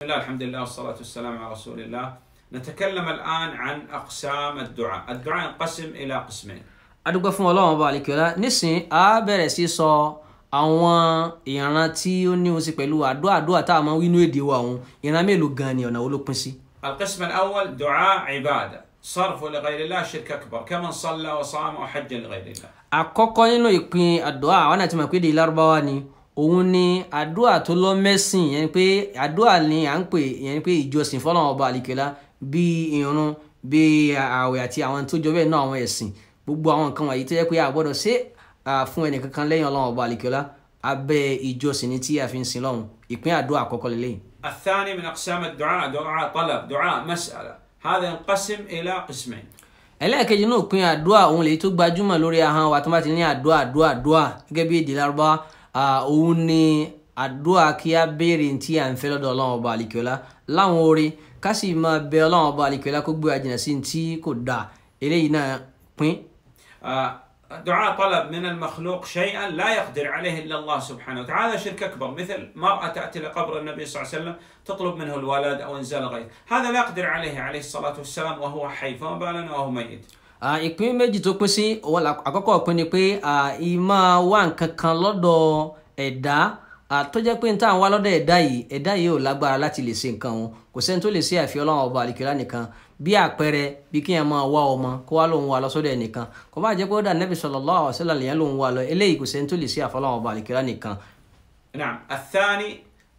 الله الحمد لله والصلاة والسلام على رسول الله نتكلم الآن عن أقسام الدعاء الدعاء ينقسم إلى قسمين adúgbò fún ọlọ́run ọba àlekèọ́lá نسي á bẹ̀rẹ̀ sí sọ àwọn ìran tí ó ní ohun sí pẹ̀lú àdúrà àdúrà tá a máa ń wínú èdè wa òun ìran mélòó gan ni ọ̀nà wo ló pín sí. القسم الأول دعاء عبادة صرف لغير الله شرك أكبر كمن صلى وصام وحج لغير الله. àkọ́kọ́ nínú ìpín àdúrà àwọn àti màkúndé lárúbáwá ni òun ni àdúrà tó lọ mẹ́sìn yẹn pé àdúrà ni à ń pè yẹn pé ìjọsìn fọlọ́run ọba àlìkẹ́lá bíi irun bíi ààwẹ̀ àti àwọn tó jọ bẹ́ẹ̀ náà àwọn ẹ̀sìn gbogbo àwọn nǹkan wọ̀nyí tó yẹ pé a gbọ́dọ̀ ṣe fún ẹnìkankan lẹ́yìn ọlọ́run ọba àlìkẹ́lá abẹ́ ìjọsìn ni tí a fi ń sin lọ́run ìpín àdúrà àkọ́kọ́ lélẹ́yìn. الثاني من أقسام الدعاء دعاء طلب دعاء مسألة هذا ينقسم إلى قسمين ẹlẹ́ẹ̀kejì náà pín àdúrà òun lèyí tó gbajúmọ̀ lórí ahọ́n wa tó bá ti ní àdúrà àdúrà àdúrà gẹ́gẹ́ bí èdè lárúbáwá ni àdúrà kí a béèrè tí à ń fẹ́ ọba àlìkíọ́lá láwọn orí kasi ma bẹ lan ọba àlìkíọ́lá kó gbé wa sí tí kò dáa eléyìí náà pín. دعاء طلب من المخلوق شيئا لا يقدر عليه الا الله سبحانه وتعالى شرك اكبر مثل مراه تاتي لقبر النبي صلى الله عليه وسلم تطلب منه الولد او انزال غيث، هذا لا يقدر عليه عليه الصلاه والسلام وهو حي فما بالنا وهو ميت. ìpín méjì tó pín sí òun àkọ́kọ́ ìpín ni pé ìmọ̀ wá nǹkan kan lọ́dọ̀ ẹ̀dá tó jẹ́ pé n táwọn wá lọ́dọ̀ ẹ̀dá yìí ẹ̀dá yìí ò lágbára láti lè ṣe nǹkan òun kò sẹ́ni tó lè ṣe àfi Ọlọ́run ọba àlìkìlá nìkan bí àpẹẹrẹ bí kéèyàn máa wá ọmọ kó wá lòun wá lọ sọ́dọ̀ ẹnìkan kò bá jẹ́ pé ó dà nẹ́bí sallallahu alaihi wasallam lèyàn lòun wá lọ eléyìí kò sẹ́ni tó lè ṣe àfi Ọlọ́run ọba àlìkìlá nìkan. نعم الثاني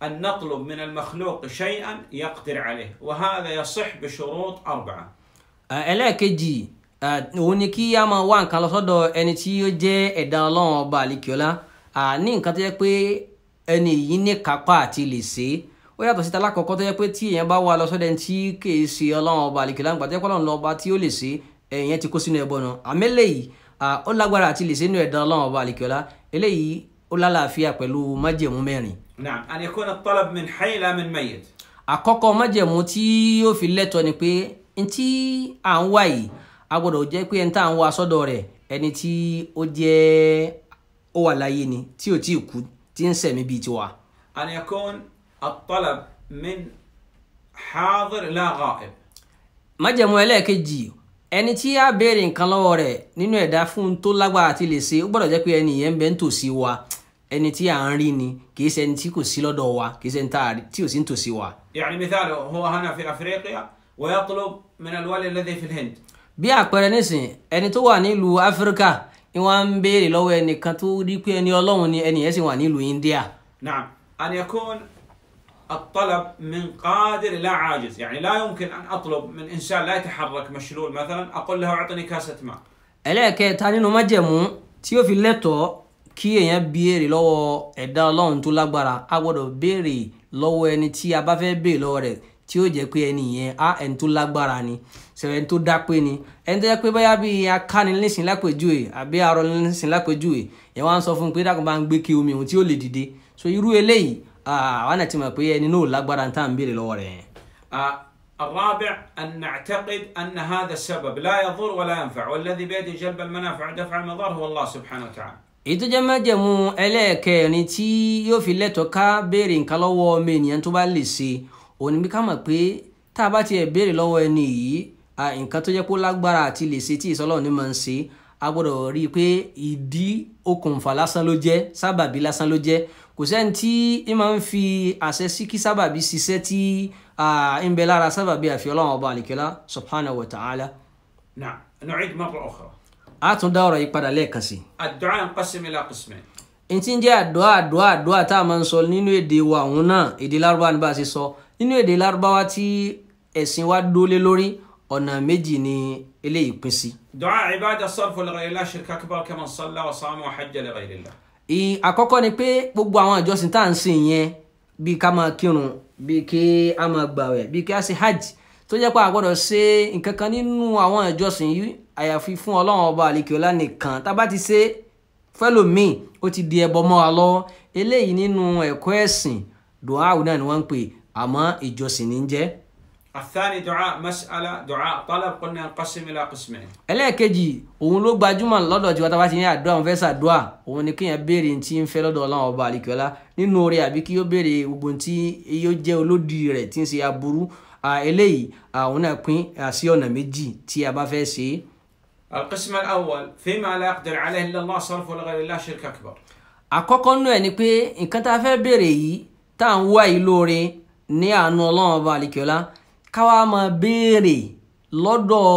أن من المخلوق شيئا يقدر عليه وهذا يصح بشروط أربعة. ẹlẹ́ẹ̀kejì Eh, òun ni kí a máa wá nǹkan lọ sọ́dọ̀ ẹni tí ó jẹ́ ẹ̀dá ọlọ́run ọba àlekíọ́lá ní nǹkan tó yẹ pé ẹni yìí ní kápá àti lè ṣe é ó yàtọ̀ síta lákọ̀ọ́kọ́ tó yẹ pé tí èèyàn bá wà lọ sọ́dọ̀ ẹni tí kìí ṣe ọlọ́run ọba àlekíọ́lá nígbà tó yẹ pé ọlọ́run lọ́ba tí ó lè ṣe èèyàn ti kó sínú ẹbọ náà àmì eléyìí ó lágbára àti lè ṣe nínú ẹ̀dá Na'am, an yakuna at-talab la min mayyit. àkọ́kọ́ májẹ̀mú tí yóò fi lẹ́tọ̀ọ́ ni pé ntí à ń wá yìí a gbọ́dọ̀ jẹ́ pé ẹni tá à ń wá sọ́dọ̀ rẹ̀ ẹni tí ó jẹ́ ó wà láyé ni tí ò tí ì kú tí ń sẹ̀mí bíi tiwa. an yakun at-talab min hadir la ghaib. májẹ̀mú ẹlẹ́ẹ̀kejì ẹni tí a béèrè nǹkan lọ́wọ́ rẹ̀ nínú ẹ̀dá fún tó lágbára àti lè ṣe ó gbọ́dọ̀ jẹ́ pé ẹni yẹn ń bẹ ń tòsí wa ẹni tí à ń rí ni kì í ṣe ẹni tí kò sí lọ́dọ̀ wa kì í ṣe ẹni tí ò sí ń tòsí wa. يعني مثاله هو هنا في أفريقيا ويطلب من الولي الذي في الهند bí àpẹẹrẹ nísìn ẹni tó wà nílùú áfíríkà ni wọ́n ń béèrè lọ́wọ́ ẹnìkan tó rí pé ẹni ọlọ́run ni ẹni yẹn sì wà nílùú india. نعم أن يكون الطلب من قادر لا عاجز يعني لا يمكن أن أطلب من إنسان لا يتحرك مشلول مثلا أقول له أعطني كاسة ماء ẹlẹ́ẹ̀kẹta nínú májẹ̀mú tí ó fi lẹ́tọ̀ọ́ kí èèyàn béèrè lọ́wọ́ ẹ̀dá ọlọ́run tó lágbára a gbọ́dọ̀ béèrè lọ́wọ́ ẹni tí a bá fẹ́ béèrè lọ́wọ́ rẹ̀ tí ó jẹ́ pé ẹni yẹn á ẹni tó lágbára ni sẹ̀rẹ̀ ẹni tó dápé ni ẹni tó jẹ́ pé báyà bíi akánilẹ́sìn lápèjúwe àbí arọlẹ́sìn lápèjúwe yẹn wá ń sọ fún un pé dákun bá ń gbé kí omi òun tí ó lè dìde so irú eléyìí àwọn àti mọ̀ pé ẹni náà lágbára tá à ń béèrè lọ́wọ́ rẹ̀ الرابع أن نعتقد أن هذا السبب لا يضر ولا ينفع والذي بيده جلب المنافع ودفع المضار هو الله سبحانه وتعالى ètò jẹ́ májẹ̀mú ẹlẹ́ẹ̀kẹrin tí yóò fi lẹ́tọ̀ọ́ ká béèrè nǹkan lọ́wọ́ ọmọ ènìyàn tó bá lè ṣe òun ni bí ká mọ̀ pé tá a bá tiẹ̀ béèrè lọ́wọ́ ẹni yìí nǹkan tó jẹ́ pé ó lágbára àti lè ṣe tí ìsọlọ́run ní máa ń ṣe a gbọ́dọ̀ rí i pé ìdí okùnfà lásán ló jẹ́ sábàbí lásán ló jẹ́ kò sẹ́ni tí ẹ máa ń fi àṣẹ sí kí sábàbí ṣiṣẹ́ tí ń bẹ lára sábàbí àfi ọlọ́run ọba àlìkẹ́lá subhanahu wa ta'ala. na'am nu'id marra ukhra. a tún dá ọ̀rọ̀ yìí padà lẹ́ẹ̀kan sí. ad-du'a yanqasimu ila qismayn ntí ń jẹ́ àdúrà àdúrà àdúrà tá a máa ń sọ nínú èdè wa òun náà èdè lárúbá ni bá a ṣe sọ nínú èdè lárúbáwá tí ẹ̀sìn wa dólé lórí ọ̀nà méjì ni eléyìí pín sí. du'a ibada sarfu li ghayrillah shirka akbar kaman salla wa sama wa hajja li ghayrillah. àkọ́kọ́ ni pé gbogbo àwọn ìjọsìn tá à ń sìn yẹn bíi ká máa kírun bíi kí a máa gbàwẹ̀ bíi kí a ṣe hajj tó jẹ́ pé a gbọ́dọ̀ ṣe nǹkan kan nínú àwọn ìjọsìn yìí àyàfi fún ọlọ́run ọba àlekèọ́lá nìkan tá a bá ti ṣe fẹ́lòmíì ó ti di ẹbọ mọ́ wa lọ́wọ́ àmọ́ ìjọsìn ní jẹ́. الثاني دعاء مسألة دعاء طلب قلنا ينقسم إلى قسمين. ẹlẹ́ẹ̀kejì òun ló gbajúmọ̀ lọ́dọ̀ tí wọ́n bá ti ní àdúrà òun fẹ́ sàdúà òun ni kéèyàn béèrè tí ń fẹ́ lọ́dọ̀ ọlọ́run ọba àlìkọ́lá nínú oore àbí kí yóò béèrè gbogbo tí yóò jẹ́ olódì rẹ̀ tí ń ṣe aburú eléyìí àwọn náà pín sí ọ̀nà méjì tí a bá fẹ́ ṣe القسم الأول فيما لا يقدر عليه إلا الله صرف لغير الله شرك أكبر. àkọ́kọ́ nú ẹ̀ ni pé nǹkan tá a fẹ́ béèrè yìí tá ń wá yìí lóore ní àánú ọlọ́run ọba àlìkíọ́lá káwa máa béèrè lọ́dọ̀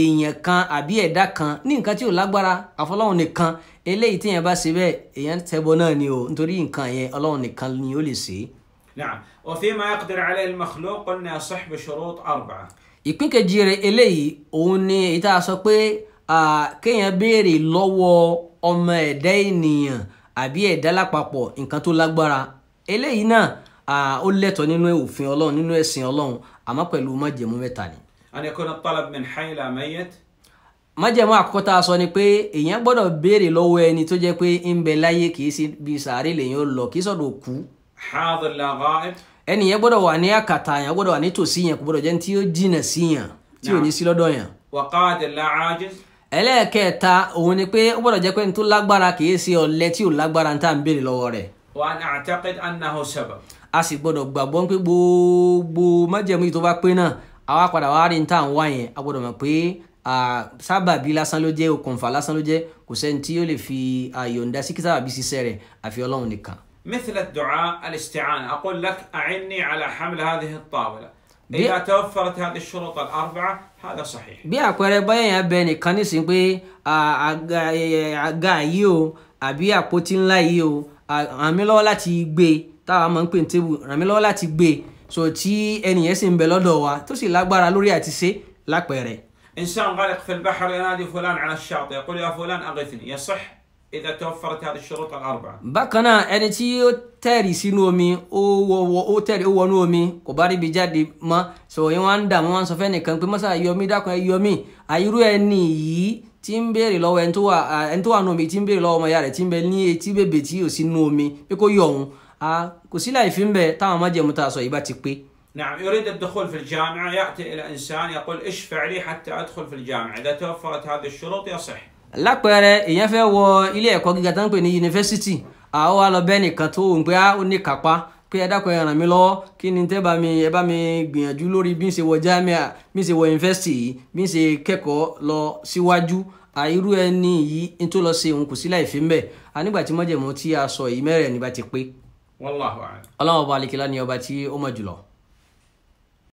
èèyàn kan àbí ẹ̀dá kan ní nǹkan tí ò lágbára àfọlọ́run nìkan eléyìí téèyàn bá ṣe bẹ́ẹ̀ èèyàn tẹ́bọ náà ni o nítorí nǹkan yẹn ọlọ́run nìkan ni ó lè ṣe. Na'am, wa fima yaqdir alayhi al-makhluq qulna ìpín kejì rẹ̀ eléyìí òun ni èyí tá a sọ pé kéèyàn béèrè lọ́wọ́ ọmọ ẹ̀dá ènìyàn àbí ẹ̀dá lápapọ̀ nǹkan tó lágbára eléyìí náà ó lẹ́tọ̀ọ́ nínú òfin ọlọ́run nínú ẹ̀sìn ọlọ́run àmọ́ pẹ̀lú májẹ̀mú mẹ́ta ni. an yakuna talab min hayla mayyit. májẹ̀mú àkọ́kọ́ tá a sọ ni pé èèyàn gbọ́dọ̀ béèrè lọ́wọ́ ẹni tó jẹ́ pé ń bẹ láyé kì í sí bí sàárè lèyìn ó lọ kì í sọ̀dọ̀ òkú. hadir la ghaib. ẹni yẹn gbọ́dọ̀ wà ní àkàtà yẹn gbọ́dọ̀ wà ní tòsí yẹn kò gbọ́dọ̀ jẹ́ tí ó ẹlẹ́ẹ̀kẹta òun ni pé ó gbọ́dọ̀ jẹ́ pé ní tó lágbára kì í ṣe ọ̀lẹ tí ò lágbára ní tá à ń béèrè lọ́wọ́ rẹ̀. wa an a'taqid annahu sabab a sì gbọ́dọ̀ gbàgbọ́ pé gbogbo májẹ̀mú yìí tó bá pé náà àwa padà wá rí níta àwọn wáyẹn a gbọ́dọ̀ mọ̀ pé sábàbí lásán ló jẹ́ okùnfà lásán ló jẹ́ kò sẹ́ni tí yóò lè fi àyọ̀ǹda sí kí sábàbí ṣiṣẹ́ rẹ̀ àfi Ọlọ́run nìkan. مثل الدعاء الاستعانة أقول لك أعني على حمل هذه الطاولة إذا توفرت هذه الشروط الأربعة هذا صحيح bí àpẹẹrẹ bóyá èèyàn bẹ nìkan nísìnyí pé àga yìí o àbí àpótí ńlá yìí o àmì lọ́wọ́ láti gbé táwa máa ń pè ní tébù ràn mí lọ́wọ́ láti gbé e so tí ẹnìyẹn sì ń bẹ lọ́dọ̀ wa tó sì lágbára lórí àti ṣe lápẹẹrẹ. إنسان غرق في البحر ينادي فلان على الشاطئ يقول يا فلان أغثني يصح إذا توفرت هذه الشروط الأربعة bákan náà ẹni tí ó tẹ̀rì sínú omi ó wọ ó tẹ̀rì ó wọnú omi kò bá ríbi jáde mọ́ sọ yín wá ń dà wọ́n sọ fẹ́ẹ́ nìkan pé mọ́sá yọmí dákun ẹ yọmí àìrú ẹni yìí tí ń béèrè lọ́wọ́ ẹni tó wà ẹni tó wà nù omi tí ń béèrè lọ́wọ́ ọmọ ìyá rẹ̀ tí ń bẹ ní etí bèbè tí ò sí nù omi pé kó yọ òun kò sí láì fi ń bẹ táwọn májẹ̀mú tá a sọ yìí bá ti pé. نعم يريد الدخول في الجامعة يأتي إلى إنسان يقول اشفع لي حتى أدخل في الجامعة إذا توفرت هذه الشروط يصح lápẹẹrẹ èèyàn fẹ́ wọ ilé ẹ̀kọ́ gíga tó ń pè ní yunifásitì àwọn wa lọ bẹ́ẹ̀ nìkan tó ń pé ó ní kápá pé ẹ dákun ẹ ràn mí lọ́wọ́ kí ni tẹ́ bá mi ẹ bá mi gbìyànjú lórí bí n ṣe wọ jámíà bí n ṣe wọ yunifásitì yìí bí n ṣe kẹ́kọ̀ọ́ lọ síwájú àìrú ẹni yìí n tó lọ ṣe òun kò sí láì fi ń bẹ̀ nígbà tí mọ́jẹ̀mọ́ tí a sọ yìí mẹ́rẹ̀ẹ́ni bá ti pé wallahu a'lam. ọlọ́wọ́n ọba alikila ni ọba tí ó jùlọ.